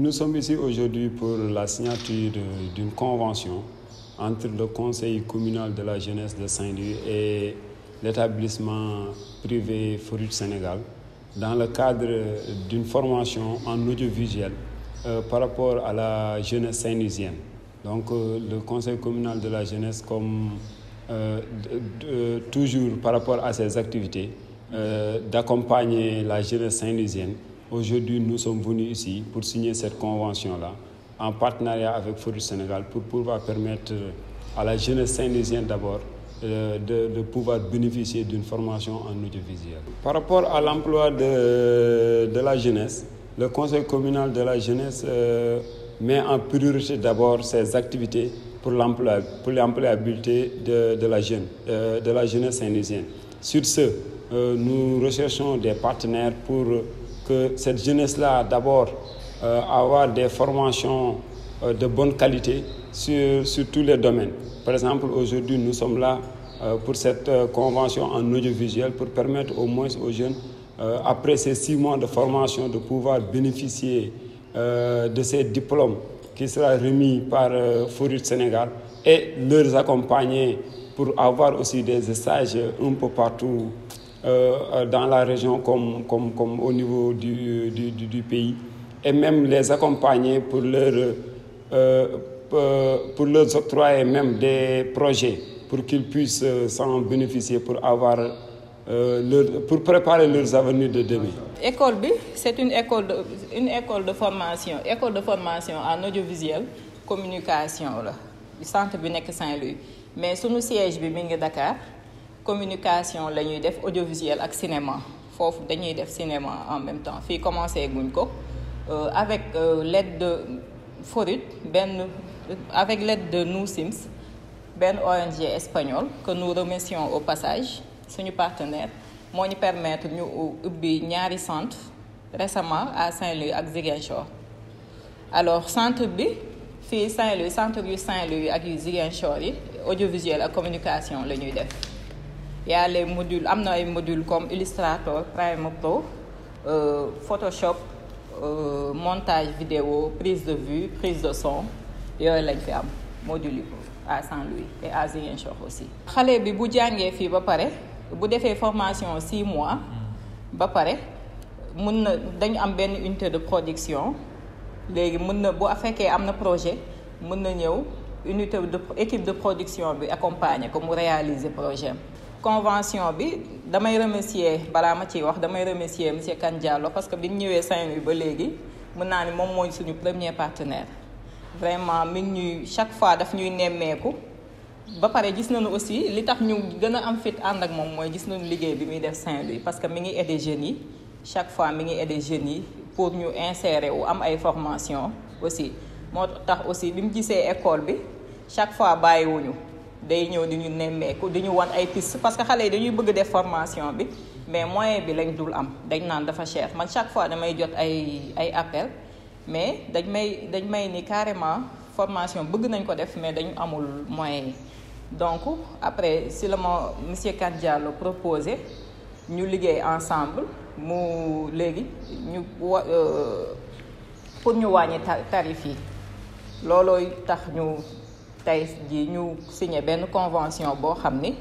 Nous sommes ici aujourd'hui pour la signature d'une convention entre le Conseil communal de la jeunesse de Saint-Louis et l'établissement privé du Sénégal dans le cadre d'une formation en audiovisuel euh, par rapport à la jeunesse saint-louisienne. Donc euh, le Conseil communal de la jeunesse comme euh, toujours par rapport à ces activités, euh, d'accompagner la jeunesse saint Aujourd'hui, nous sommes venus ici pour signer cette convention-là en partenariat avec du Sénégal pour pouvoir permettre à la jeunesse saint d'abord euh, de, pouvoir bénéficier d'une formation en audiovisuel. Par rapport à l'emploi de, de, la jeunesse, le Conseil communal de la jeunesse met en priorité d'abord ses activités pour l'employabilité de, la jeune, euh, de la jeunesse indonésienne. Sur ce, euh, nous recherchons des partenaires pour que cette jeunesse-là, d'abord, euh, avoir des formations de bonne qualité sur, sur, tous les domaines. Par exemple, aujourd'hui, nous sommes là pour cette convention en audiovisuel pour permettre au moins aux jeunes, après ces six mois de formation, de pouvoir bénéficier de ces diplômes qui sera remis par euh, Forut Sénégal et leur accompagner pour avoir aussi des stages un peu partout euh, euh, dans la région comme, comme, comme au niveau du, du, pays et même les accompagner pour leur euh, euh pour leur octroyer même des projets pour qu'ils puissent s'en bénéficier pour avoir euh, pour préparer leurs avenirs de demain. École B, c'est une école, de, une école de formation, école de formation en audiovisuel, communication, là. le centre est Saint-Louis. Mais sous nos siège à Dakar, communication, la def, audiovisuel et cinéma. Fofu, dañuy def cinéma en même temps. Fi commencé guñ euh, avec euh, l'aide de Forut, ben avec l'aide de Nous Sims, ben ONG espagnole que nous remercions au passage suñu partenaire moo ñu permettre ñu ubbi ñaari centre récemment à Saint-Louis ak Ziguinchor alors centre bi fii Saint-Louis centre yu Saint-Louis ak yu Ziguinchor yi audiovisuel communication la ñuy def y a les modules am ay modules comme Illustrator Premiere Pro euh, Photoshop euh, montage vidéo prise de vue prise de son yooyu lañ fi am modules à Saint-Louis et à Ziguinchor aussi xale bi bu jàngee fii ba pare bu defee formation six mois hmm. ba pare mun na dañu am benn unité de production léegi mun na bu fekkee am na projet mun na ñëw unité de équipe de production bi accompagner ko mu réaliser projet convention bi damay remercier balaa ma ciy wax damay remercier monsieur Kane Diallo parce que bi ñu ñëwee saint ba léegi mun naa ni moom mooy suñu premier partenaire vraiment mi ñuy chaque fois daf ñuy nemmeeku ba pare gis nañu aussi li tax ñu gën a am fit ànd ak moom mooy gis nañu liggéey bi muy def Saint-Louis parce que mi ngi aider jeunes yi chaque fois mi ngi aider jeunes yi pour ñu insérer wu am ay formation aussi moo tax aussi bi mu gisee école bi chaque fois bàyyiwuñu day ñëw di ñu nemmeeku di ñu wan ay piste parce que xale yi dañuy bëgg def formation bi mais moyen bi lañ dul am dañ naan dafa cher man chaque fois damay jot ay ay appel mais dañ may dañ may ni carrément formation bëgg nañ ko def mais dañu amul moyen donc après si la ma monsieur Kane Diallo proposé ñu liggéey ensemble mu léegi ñu wa euh, pour ñu wàññi tarif yi loolooy tax ñu tey ji ñu signé benn convention boo xam ni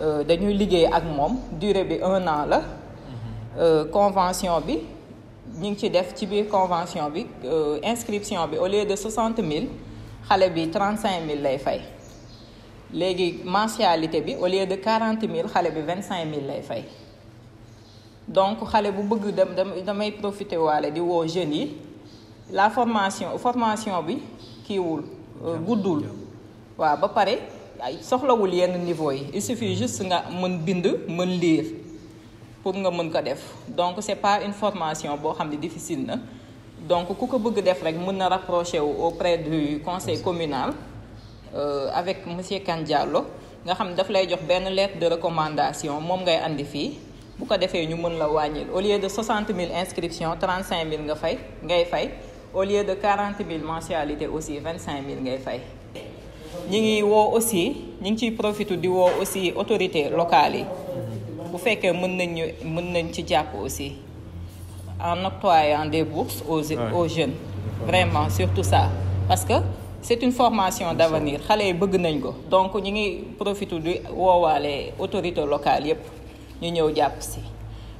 euh, dañuy liggéey ak moom durée bi un an la mhm. euh, convention bi nous avons fait def convention L'inscription euh, au lieu de 60 000 xale bi 35 000 les fay mensualité au lieu de 40 000 xale bi 25 000 Les donc xale bu bëgg profité de jeunes la formation formation très kiiwul il suffit juste de lire pour nga mën ko def donc c'est pas une formation boo difficile donc si ko bëgg def rek mën na rapprocher wu auprès du conseil communal euh, avec monsieur Kandiallo nga xam besoin daf lay jox lettre de recommandation moom ngay andi fii bu ko defee ñu mën la wàññil au lieu de 60 000 inscriptions 35 000 nga fay ngay au lieu de 40 000 mensualités aussi 25 000 ngay fay ñi ngi aussi ñi ngi ciy profité di woo aussi autorités locales bu fekkee mën nañ ñu mën nañ ci jàpp aussi en octroyant des bourses aux aux jeunes vraiment surtout ça parce que c'est une formation d'avenir xale yi bëgg nañ ko donc ñu ngi profité di woowaale autorités locales yépp ñu ñëw jàpp si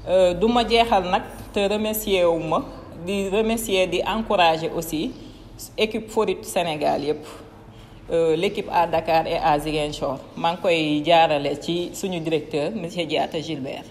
euh, du ma jeexal nag te remercier wu ma di remercier di encourager aussi équipe Forut Sénégal yépp Euh, l'équipe à Dakar et à Ziguinchor maa ngi koy jaarale ci suñu directeur monsieur Diatta Gilbert